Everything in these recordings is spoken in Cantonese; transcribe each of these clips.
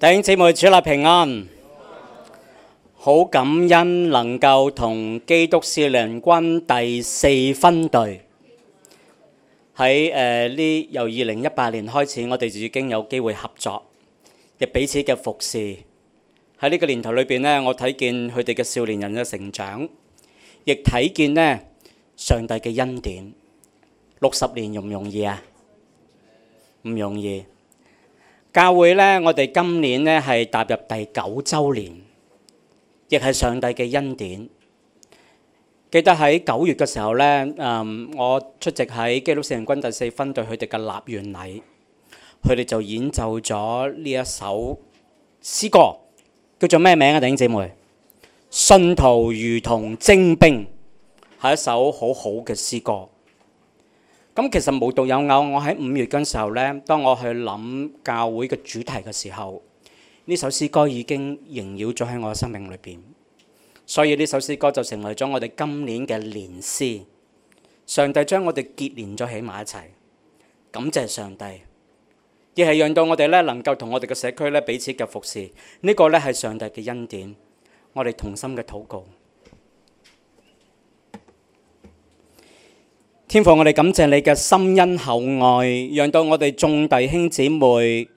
弟兄姊妹主立平安，好感恩能夠同基督少年軍第四分隊喺，誒，呢由二零一八年開始，我哋就已經有機會合作，亦彼此嘅服侍。喺呢個年頭裏邊咧，我睇見佢哋嘅少年人嘅成長，亦睇見咧上帝嘅恩典。六十年容唔容易啊？唔容易。教會呢，我哋今年呢係踏入第九周年，亦係上帝嘅恩典。記得喺九月嘅時候呢，嗯，我出席喺基督聖人軍第四分隊佢哋嘅立願禮，佢哋就演奏咗呢一首詩歌，叫做咩名啊？弟兄姐妹，信徒如同精兵，係一首好好嘅詩歌。咁其實無獨有偶，我喺五月嗰陣時候呢，當我去諗教會嘅主題嘅時候，呢首詩歌已經縈繞咗喺我嘅生命裏邊，所以呢首詩歌就成為咗我哋今年嘅連詩。上帝將我哋結連咗喺埋一齊，感謝上帝，亦係讓到我哋呢能夠同我哋嘅社區呢彼此嘅服侍。呢、呢個呢係上帝嘅恩典，我哋同心嘅禱告。天父，我哋感謝你嘅深恩厚愛，讓到我哋眾弟兄姊妹，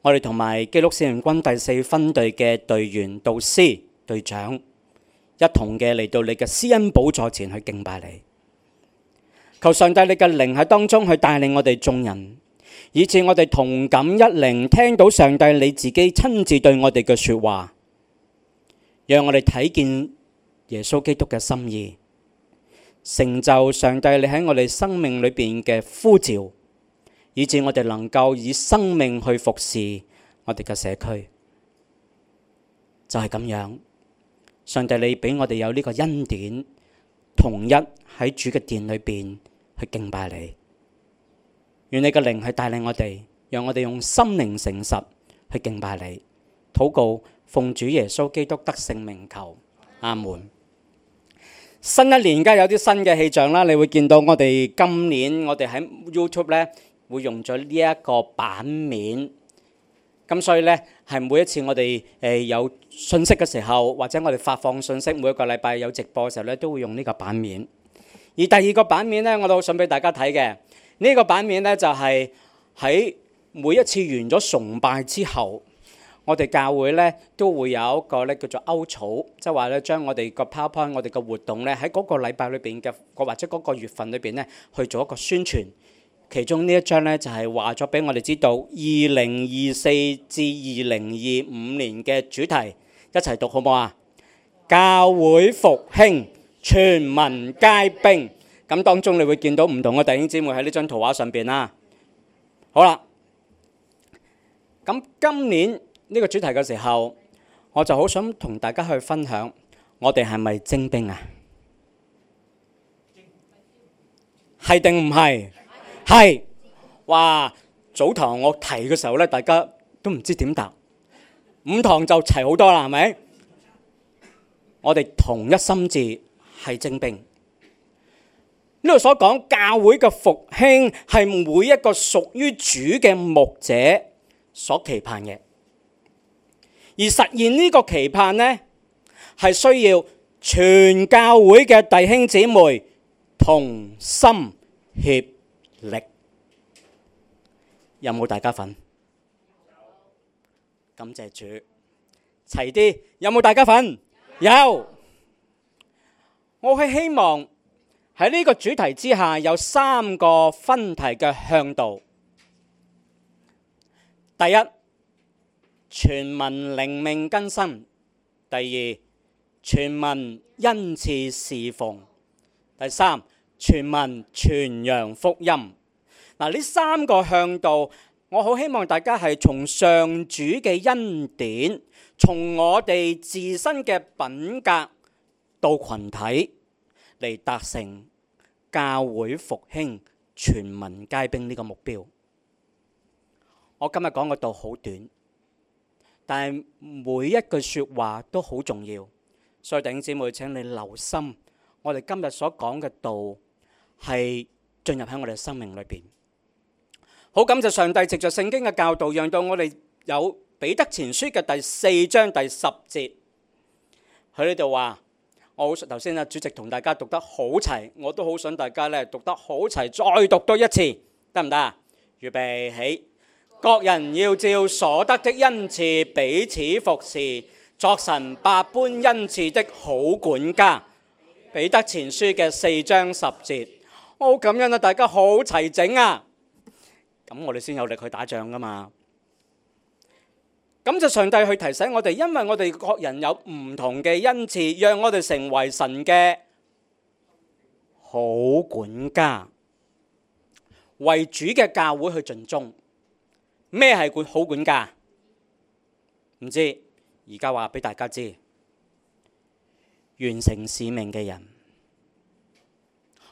我哋同埋基督使人軍第四分隊嘅隊員、導師、隊長，一同嘅嚟到你嘅施恩寶座前去敬拜你。求上帝你嘅靈喺當中去帶領我哋眾人，以至我哋同感一靈，聽到上帝你自己親自對我哋嘅說話，讓我哋睇見耶穌基督嘅心意。成就上帝你喺我哋生命裏邊嘅呼召，以致我哋能夠以生命去服侍我哋嘅社區，就係、是、咁樣。上帝你俾我哋有呢個恩典，同一喺主嘅殿裏邊去敬拜你。願你嘅靈去帶領我哋，讓我哋用心靈誠實去敬拜你。禱告，奉主耶穌基督得勝名求，阿門。新一年而家有啲新嘅氣象啦，你會見到我哋今年我哋喺 YouTube 咧會用咗呢一個版面，咁所以咧係每一次我哋誒、呃、有信息嘅時候，或者我哋發放信息，每一個禮拜有直播嘅時候咧，都會用呢個版面。而第二個版面咧，我都想俾大家睇嘅，呢、這個版面咧就係、是、喺每一次完咗崇拜之後。我哋教會呢都會有一個呢叫做歐草，即係話呢將我哋個 powerpoint，我哋個活動呢喺嗰個禮拜裏邊嘅，或者嗰個月份裏邊呢去做一個宣傳。其中呢一張呢就係話咗俾我哋知道，二零二四至二零二五年嘅主題，一齊讀好冇啊？教會復興，全民皆兵。咁當中你會見到唔同嘅弟兄姊妹喺呢張圖畫上邊啦。好啦，咁今年。呢個主題嘅時候，我就好想同大家去分享，我哋係咪精兵啊？係定唔係？係哇！早堂我提嘅時候呢，大家都唔知點答。五堂就齊好多啦，係咪？我哋同一心志係精兵。呢度所講教會嘅復興係每一個屬於主嘅牧者所期盼嘅。而實現呢個期盼呢，係需要全教會嘅弟兄姐妹同心協力。有冇大家份？有感謝主，齊啲，有冇大家份？有。我係希望喺呢個主題之下有三個分題嘅向導。第一。全民靈命更新，第二，全民恩賜侍奉，第三，全民全揚福音。嗱、啊，呢三個向度，我好希望大家係從上主嘅恩典，從我哋自身嘅品格到群體嚟達成教會復興、全民皆兵呢個目標。我今日講嘅道好短。但係每一句說話都好重要，所以弟兄姊妹，請你留心我哋今日所講嘅道，係進入喺我哋嘅生命裏邊。好，感謝上帝藉著聖經嘅教導，讓到我哋有彼得前書嘅第四章第十節。佢呢度話：我好想頭先啊，主席同大家讀得好齊，我都好想大家咧讀得好齊，再讀多一次，得唔得啊？預備起。各人要照所得的恩賜彼此服侍，作神百般恩賜的好管家。彼得前書嘅四章十節，哦，咁樣啦，啊，大家好齊整啊！咁我哋先有力去打仗噶嘛。咁就上帝去提醒我哋，因為我哋各人有唔同嘅恩賜，讓我哋成為神嘅好管家，為主嘅教會去盡忠。咩係管好管家？唔知，而家話俾大家知，完成使命嘅人，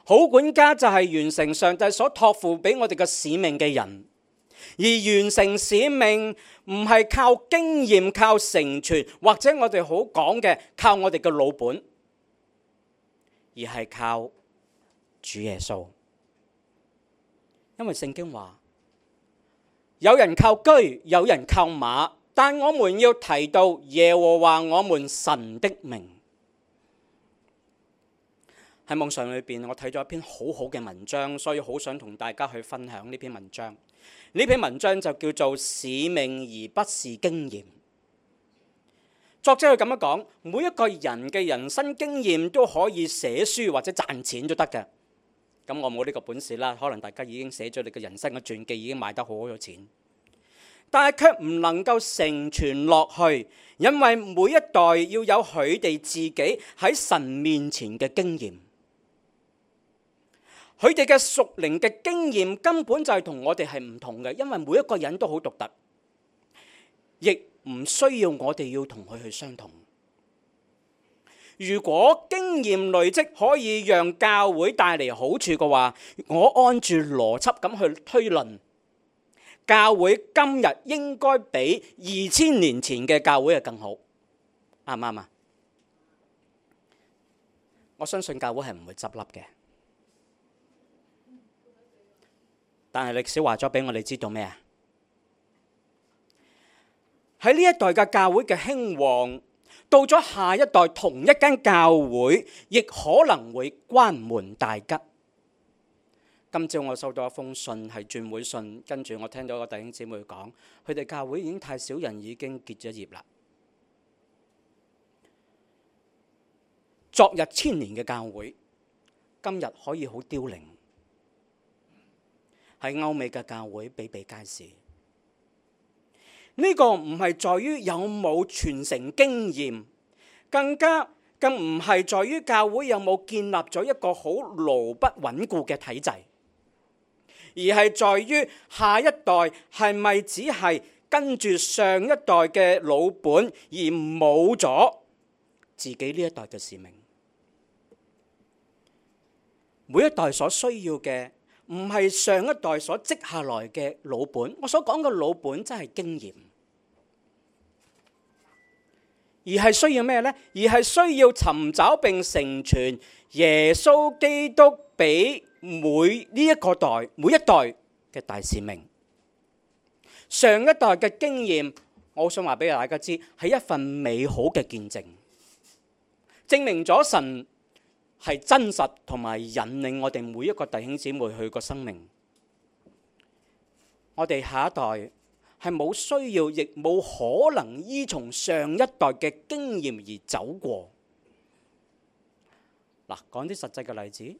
好管家就係完成上帝所託付俾我哋嘅使命嘅人。而完成使命唔係靠經驗、靠成全或者我哋好講嘅靠我哋嘅老本，而係靠主耶穌，因為聖經話。有人靠居，有人靠馬，但我們要提到耶和華我們神的名。喺網上裏邊，我睇咗一篇好好嘅文章，所以好想同大家去分享呢篇文章。呢篇文章就叫做使命而不是經驗。作者佢咁樣講，每一個人嘅人生經驗都可以寫書或者賺錢都得嘅。咁我冇呢個本事啦，可能大家已經寫咗你嘅人生嘅傳記，已經賣得好咗錢，但係卻唔能夠成傳落去，因為每一代要有佢哋自己喺神面前嘅經驗，佢哋嘅屬靈嘅經驗根本就係同我哋係唔同嘅，因為每一個人都好獨特，亦唔需要我哋要同佢去相同。如果經驗累積可以讓教會帶嚟好處嘅話，我按住邏輯咁去推論，教會今日應該比二千年前嘅教會啊更好，啱唔啱啊？我相信教會係唔會執笠嘅，但係歷史話咗俾我哋知道咩啊？喺呢一代嘅教會嘅興旺。到咗下一代，同一間教會亦可能會關門大吉。今朝我收到一封信係轉會信，跟住我聽到個弟兄姊妹講，佢哋教會已經太少人，已經結咗業啦。昨日千年嘅教會，今日可以好凋零，喺歐美嘅教會比比皆是。呢個唔係在於有冇傳承經驗，更加更唔係在於教會有冇建立咗一個好牢不穩固嘅體制，而係在於下一代係咪只係跟住上一代嘅老本而冇咗自己呢一代嘅使命？每一代所需要嘅唔係上一代所積下來嘅老本，我所講嘅老本真係經驗。而係需要咩呢？而係需要尋找並成全耶穌基督俾每呢一個代，每一代嘅大使命。上一代嘅經驗，我想話俾大家知，係一份美好嘅見證，證明咗神係真實同埋引領我哋每一個弟兄姊妹去個生命。我哋下一代。係冇需要，亦冇可能依從上一代嘅經驗而走過。嗱，講啲實際嘅例子。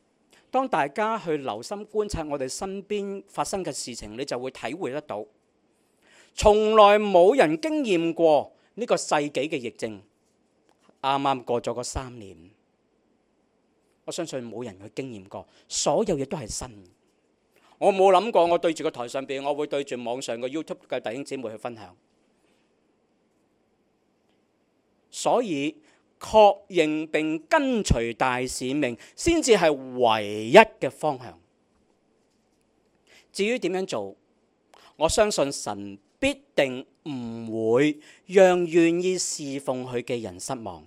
當大家去留心觀察我哋身邊發生嘅事情，你就會體會得到，從來冇人經驗過呢個世紀嘅疫症。啱啱過咗個三年，我相信冇人去經驗過，所有嘢都係新。我冇諗過，我對住個台上邊，我會對住網上個 YouTube 嘅弟兄姊妹去分享。所以確認並跟隨大使命，先至係唯一嘅方向。至於點樣做，我相信神必定唔會讓願意侍奉佢嘅人失望。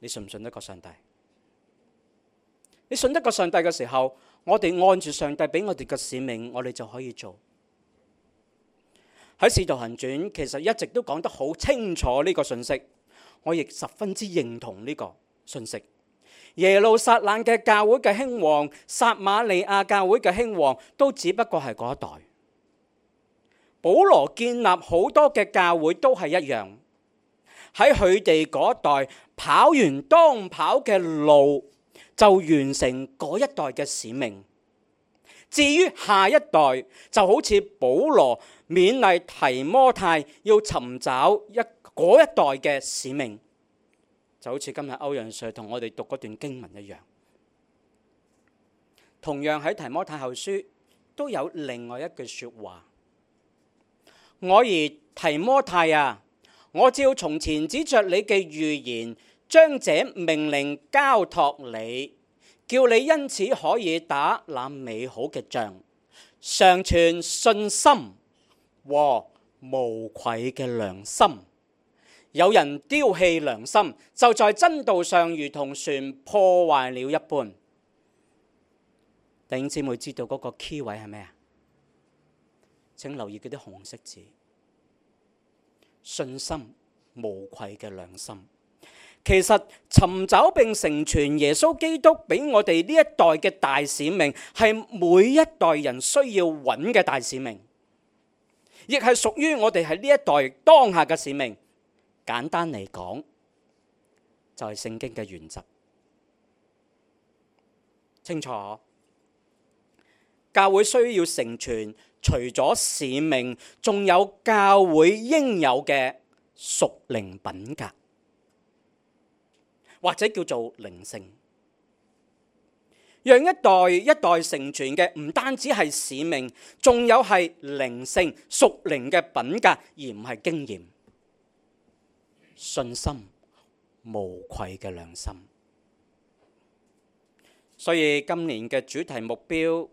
你信唔信得過上帝？你信得過上帝嘅時候？我哋按住上帝俾我哋嘅使命，我哋就可以做。喺《使徒行傳》其實一直都講得好清楚呢個信息，我亦十分之認同呢個信息。耶路撒冷嘅教會嘅興旺，撒瑪利亞教會嘅興旺，都只不過係嗰一代。保羅建立好多嘅教會都係一樣，喺佢哋嗰代跑完當跑嘅路。就完成嗰一代嘅使命。至於下一代，就好似保羅勉勵提摩太要尋找一嗰一代嘅使命，就好似今日歐陽 Sir 同我哋讀嗰段經文一樣。同樣喺提摩太後書都有另外一句説話。我兒提摩太啊，我照從前指著你嘅預言。將這命令交託你，叫你因此可以打那美好嘅仗，常存信心和無愧嘅良心。有人丟棄良心，就在真道上如同船破壞了一般。弟兄姊妹知道嗰個 key 位係咩啊？請留意嗰啲紅色字：信心、無愧嘅良心。其實尋找並成全耶穌基督，俾我哋呢一代嘅大使命，係每一代人需要揾嘅大使命，亦係屬於我哋喺呢一代當下嘅使命。簡單嚟講，就係聖經嘅原則，清楚。教會需要成全，除咗使命，仲有教會應有嘅屬靈品格。或者叫做靈性，讓一代一代成全嘅唔單止係使命，仲有係靈性、屬靈嘅品格，而唔係經驗、信心、無愧嘅良心。所以今年嘅主題目標，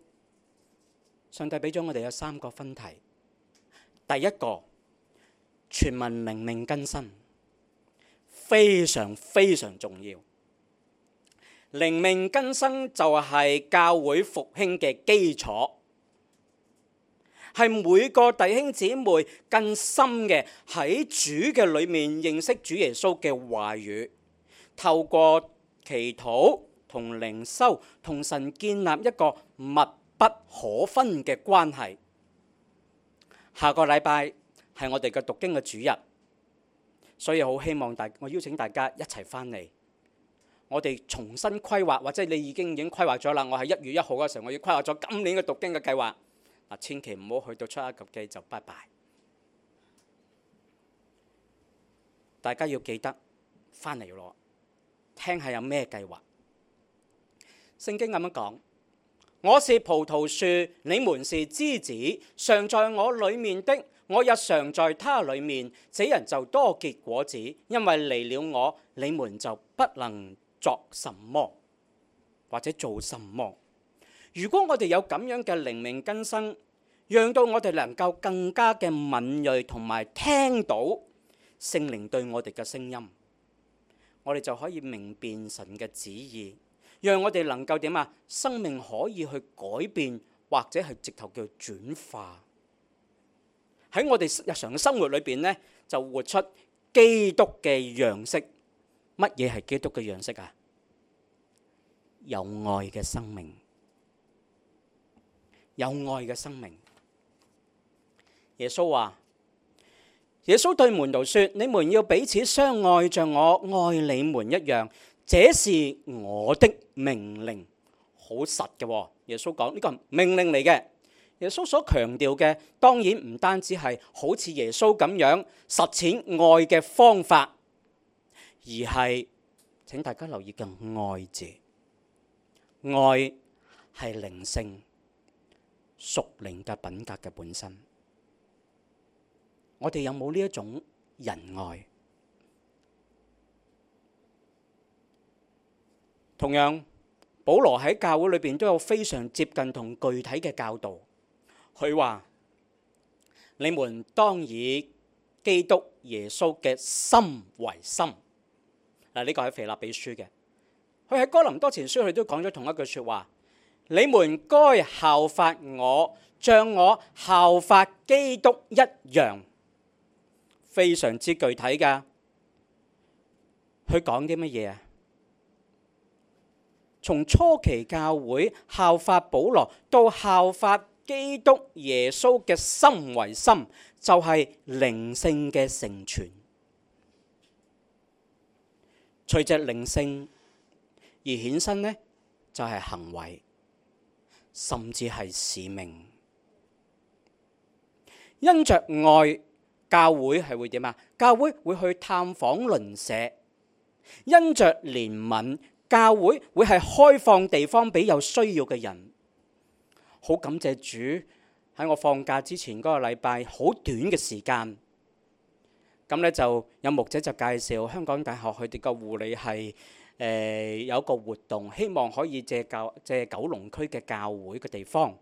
上帝俾咗我哋有三個分題。第一個，全民靈命更新。非常非常重要，靈命更生就係教會復興嘅基礎，係每個弟兄姊妹更深嘅喺主嘅裏面認識主耶穌嘅話語，透過祈禱同靈修同神建立一個密不可分嘅關係。下個禮拜係我哋嘅讀經嘅主日。所以好希望大家，我邀請大家一齊翻嚟。我哋重新規劃，或者你已經已經規劃咗啦。我喺一月一號嗰時候，我已經規劃咗今年嘅讀經嘅計劃。嗱，千祈唔好去到出埃及記就拜拜。大家要記得翻嚟攞，聽下有咩計劃。聖經咁樣講：我是葡萄樹，你們是枝子，常在我裏面的。我日常在他裏面，這人就多結果子，因為離了我，你們就不能作什麼或者做什麼。如果我哋有咁樣嘅靈命根生，讓到我哋能夠更加嘅敏銳同埋聽到聖靈對我哋嘅聲音，我哋就可以明辨神嘅旨意，讓我哋能夠點啊？生命可以去改變或者係直頭叫轉化。喺我哋日常嘅生活裏邊咧，就活出基督嘅樣式。乜嘢係基督嘅樣式啊？有愛嘅生命，有愛嘅生命。耶穌話：耶穌對門徒說，你們要彼此相愛，像我愛你們一樣。這是我的命令，好實嘅。耶穌講呢個命令嚟嘅。耶穌所強調嘅當然唔單止係好似耶穌咁樣實踐愛嘅方法，而係請大家留意嘅愛字。愛係靈性、屬靈嘅品格嘅本身。我哋有冇呢一種仁愛？同樣，保羅喺教會裏邊都有非常接近同具體嘅教導。佢話，你們當以基督耶穌嘅心為心。嗱，呢個係腓立比書嘅。佢喺哥林多前書，佢都講咗同一句説話，你們該效法我，像我效法基督一樣。非常之具體㗎。佢講啲乜嘢啊？從初期教會效法保羅到效法。基督耶穌嘅心為心，就係靈性嘅成全。隨着靈性而衍生呢，就係行為，甚至係使命。因着愛，教會係會點啊？教會會去探訪鄰舍。因着憐憫，教會會係開放地方俾有需要嘅人。好感謝主喺我放假之前嗰個禮拜，好短嘅時間，咁呢，就有牧者就介紹香港大學佢哋個護理系誒、呃、有一個活動，希望可以借教借九龍區嘅教會嘅地方，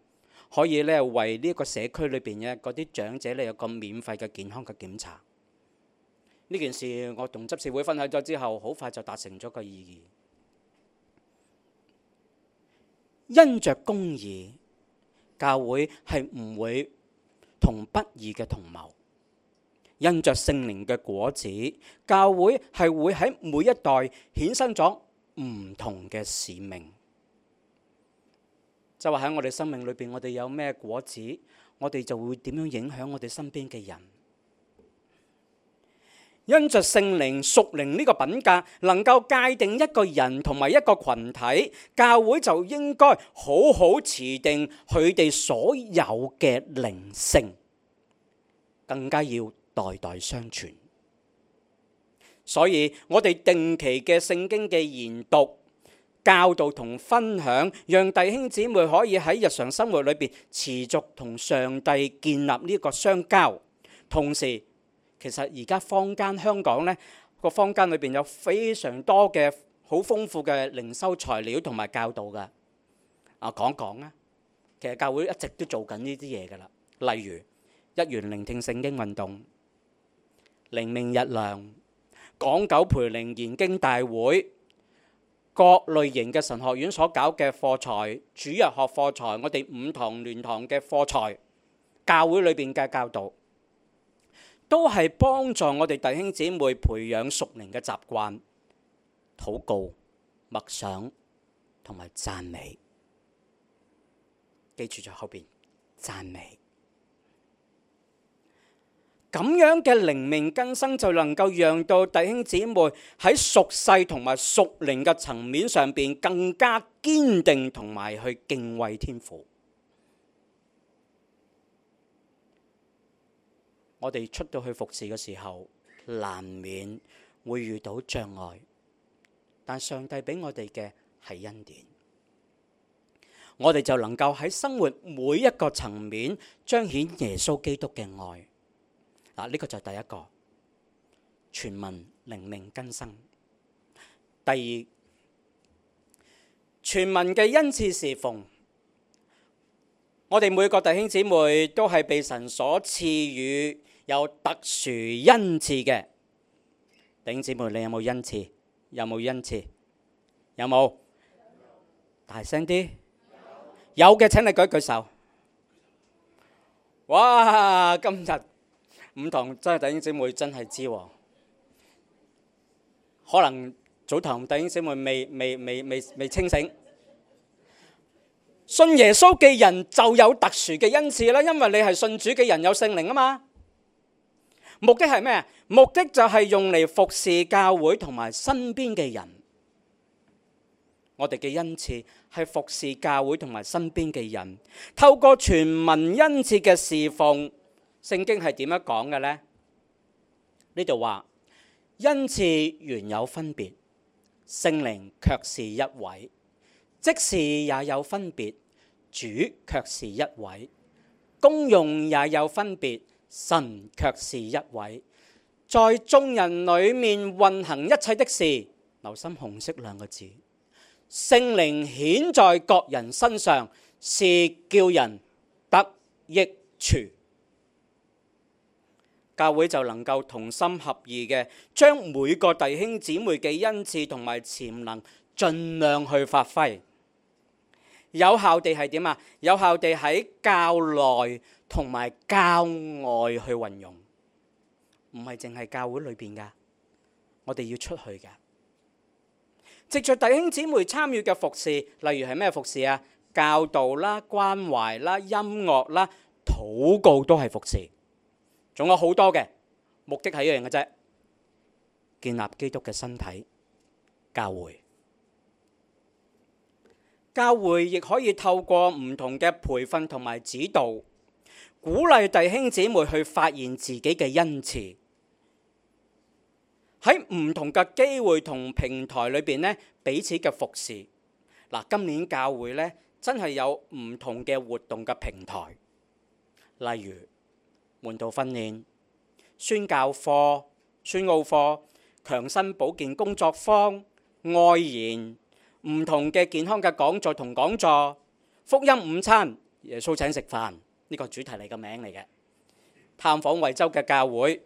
可以呢為呢個社區裏邊嘅嗰啲長者呢有個免費嘅健康嘅檢查。呢件事我同執事會分享咗之後，好快就達成咗個意義，因着公義。教會係唔會同不義嘅同謀，因着聖靈嘅果子，教會係會喺每一代衍生咗唔同嘅使命。就係話喺我哋生命裏邊，我哋有咩果子，我哋就會點樣影響我哋身邊嘅人。因着聖靈屬靈呢個品格，能夠界定一個人同埋一個群體，教會就應該好好持定佢哋所有嘅靈性，更加要代代相傳。所以我哋定期嘅聖經嘅研讀、教導同分享，讓弟兄姊妹可以喺日常生活裏面持續同上帝建立呢個相交，同時。其實而家坊間香港呢個坊間裏邊有非常多嘅好豐富嘅靈修材料同埋教導噶，啊，講講啊，其實教會一直都做緊呢啲嘢噶啦，例如一元聆聽聖經運動、靈命日糧、港九培靈研經大會、各類型嘅神學院所搞嘅教材、主日學教材、我哋五堂聯堂嘅教材、教會裏邊嘅教導。都係幫助我哋弟兄姊妹培養屬靈嘅習慣，禱告、默想同埋讚美。記住在後邊讚美，咁樣嘅靈命更生就能夠讓到弟兄姊妹喺屬世同埋屬靈嘅層面上邊更加堅定同埋去敬畏天父。我哋出到去服侍嘅時候，難免會遇到障礙，但上帝俾我哋嘅係恩典，我哋就能夠喺生活每一個層面彰顯耶穌基督嘅愛。嗱，呢個就係第一個，全民靈命更生。第二，全民嘅恩賜侍奉，我哋每個弟兄姊妹都係被神所賜予。有特殊恩賜嘅弟兄姊妹，你有冇恩賜？有冇恩賜？有冇？大聲啲！有嘅，請你舉一舉手。哇！今日五堂真係弟兄姊妹真係知喎，可能早堂弟兄姊妹未未未未未清醒。信耶穌嘅人就有特殊嘅恩賜啦，因為你係信主嘅人，有聖靈啊嘛。目的係咩？目的就係用嚟服侍教會同埋身邊嘅人。我哋嘅恩賜係服侍教會同埋身邊嘅人。透過全民恩賜嘅侍奉，聖經係點樣講嘅呢？呢度話恩賜原有分別，聖靈卻是一位；職事也有分別，主卻是一位；功用也有分別。神卻是一位，在眾人裏面運行一切的事。留心紅色兩個字，聖靈顯在各人身上，是叫人得益處。教會就能夠同心合意嘅，將每個弟兄姊妹嘅恩賜同埋潛能盡量去發揮。有效地係點啊？有效地喺教內同埋教外去運用，唔係淨係教會裏邊噶，我哋要出去噶。藉住弟兄姊妹參與嘅服侍，例如係咩服侍啊？教導啦、關懷啦、音樂啦、禱告都係服侍，仲有好多嘅，目的係一樣嘅啫，建立基督嘅身體教會。教會亦可以透過唔同嘅培訓同埋指導，鼓勵弟兄姊妹去發現自己嘅恩賜，喺唔同嘅機會同平台裏邊咧，彼此嘅服侍。嗱、啊，今年教會咧真係有唔同嘅活動嘅平台，例如門徒訓練、宣教課、宣奧課、強身保健工作坊、外言。唔同嘅健康嘅講座同講座，福音午餐，耶蘇請食飯，呢個主題嚟個名嚟嘅，探訪惠州嘅教會，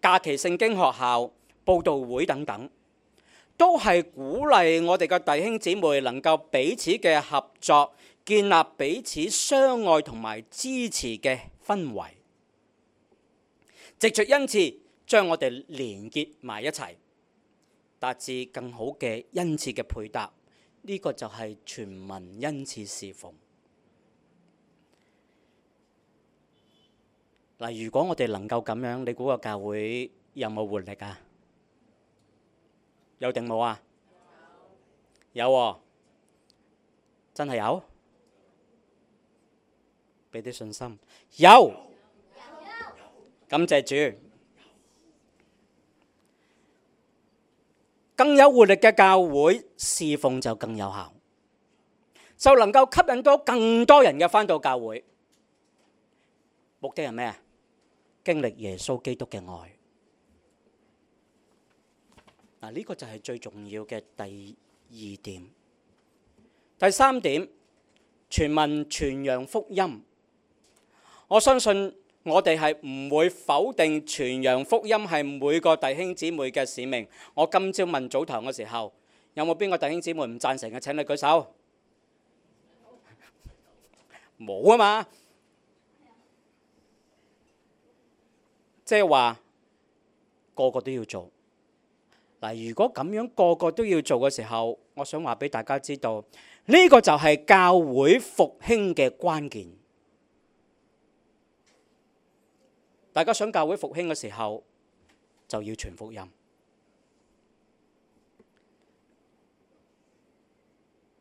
假期聖經學校，報道會等等，都係鼓勵我哋嘅弟兄姊妹能夠彼此嘅合作，建立彼此相愛同埋支持嘅氛圍，藉着恩賜將我哋連結埋一齊。達至更好嘅恩賜嘅配搭，呢、這個就係全民恩賜侍奉。嗱，如果我哋能夠咁樣，你估個教會有冇活力啊？有定冇啊？有啊，真係有，俾啲信心，有，有有有，感謝主。更有活力嘅教會侍奉就更有效，就能夠吸引到更多人嘅返到教會。目的係咩？經歷耶穌基督嘅愛。嗱，呢個就係最重要嘅第二點。第三點，全民傳揚福音。我相信。我哋係唔會否定傳揚福音係每個弟兄姊妹嘅使命。我今朝問早堂嘅時候，有冇邊個弟兄姊妹唔贊成嘅？請你舉手。冇啊嘛，即係話個個都要做。嗱，如果咁樣個個都要做嘅時候，我想話俾大家知道，呢個就係教會復興嘅關鍵。大家想教會復興嘅時候，就要全福音。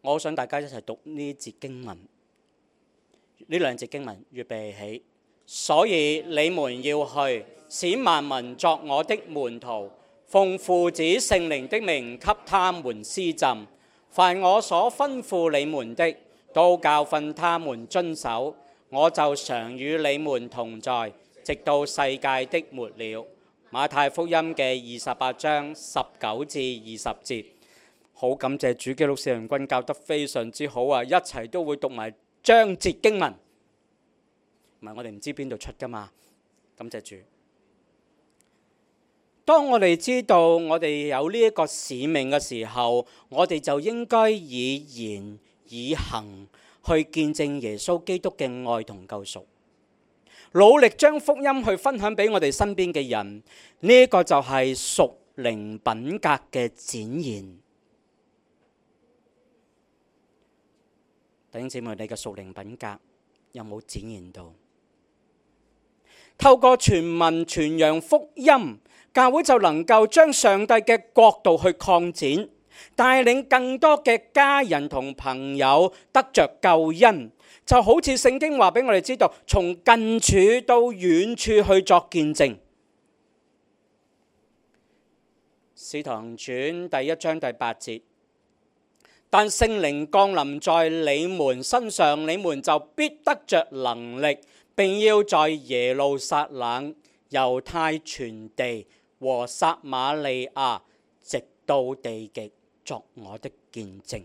我想大家一齊讀呢節經文，呢兩節經文預備起。所以你們要去，使萬民作我的門徒，奉父子聖靈的名給他們施浸。凡我所吩咐你們的，都教訓他們遵守。我就常與你們同在。直到世界的末了，馬太福音嘅二十八章十九至二十節，好感謝主，記錄四靈君教得非常之好啊！一齊都會讀埋章節經文，唔係我哋唔知邊度出㗎嘛？感謝主。當我哋知道我哋有呢一個使命嘅時候，我哋就應該以言以行去見證耶穌基督嘅愛同救贖。努力將福音去分享俾我哋身邊嘅人，呢個就係屬靈品格嘅展現。弟兄姊妹，你嘅屬靈品格有冇展現到？透過全民傳揚福音，教會就能夠將上帝嘅國度去擴展。帶領更多嘅家人同朋友得着救恩，就好似聖經話俾我哋知道，從近處到遠處去作見證。使徒行傳第一章第八節，但聖靈降臨在你們身上，你們就必得着能力，並要在耶路撒冷、猶太全地和撒瑪利亞，直到地極。作我的見證，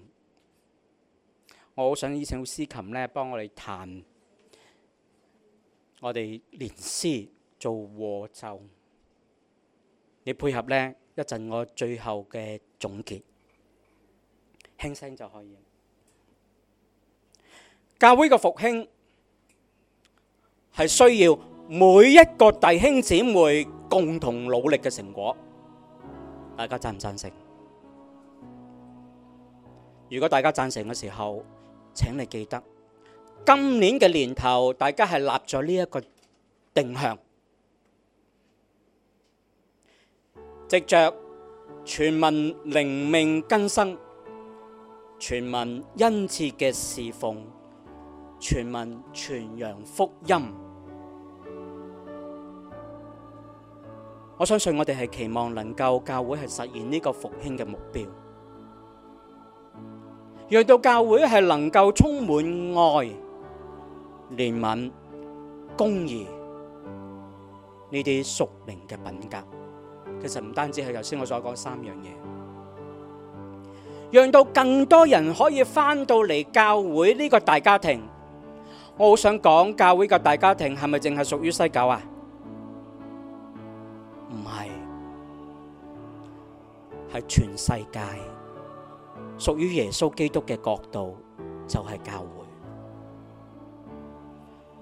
我好想邀請司琴咧幫我哋彈，我哋連詩做和奏，你配合咧一陣我最後嘅總結，輕聲就可以。教會嘅復興係需要每一個弟兄姊妹共同努力嘅成果，大家贊唔贊成？如果大家贊成嘅時候，請你記得，今年嘅年頭，大家係立咗呢一個定向，藉着全民靈命更新、全民恩賜嘅侍奉、全民傳揚福音，我相信我哋係期望能夠教會係實現呢個復興嘅目標。讓到教會係能夠充滿愛、憐憫、公義呢啲屬靈嘅品格，其實唔單止係頭先我所講三樣嘢，讓到更多人可以翻到嚟教會呢個大家庭。我好想講，教會個大家庭係咪淨係屬於西九啊？唔係，係全世界。屬於耶穌基督嘅國度就係教會。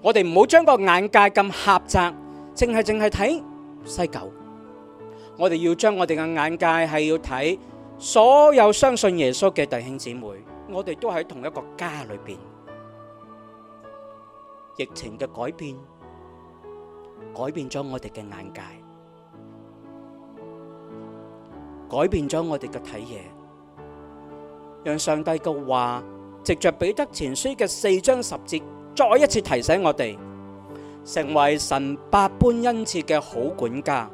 我哋唔好將個眼界咁狹窄，淨係淨係睇西九。我哋要將我哋嘅眼界係要睇所有相信耶穌嘅弟兄姊妹，我哋都喺同一個家裏邊。疫情嘅改變，改變咗我哋嘅眼界，改變咗我哋嘅睇嘢。讓上帝嘅話藉着彼得前書嘅四章十節，再一次提醒我哋，成為神百般恩賜嘅好管家，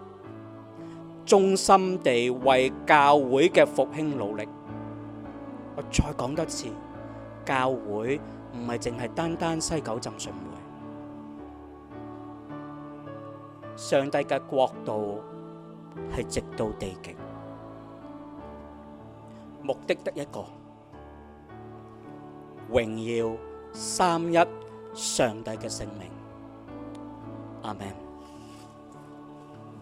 忠心地為教會嘅復興努力。我再講多次，教會唔係淨係單單西九浸信會，上帝嘅國度係直到地極，目的得一個。榮耀三一上帝嘅聖名，阿門。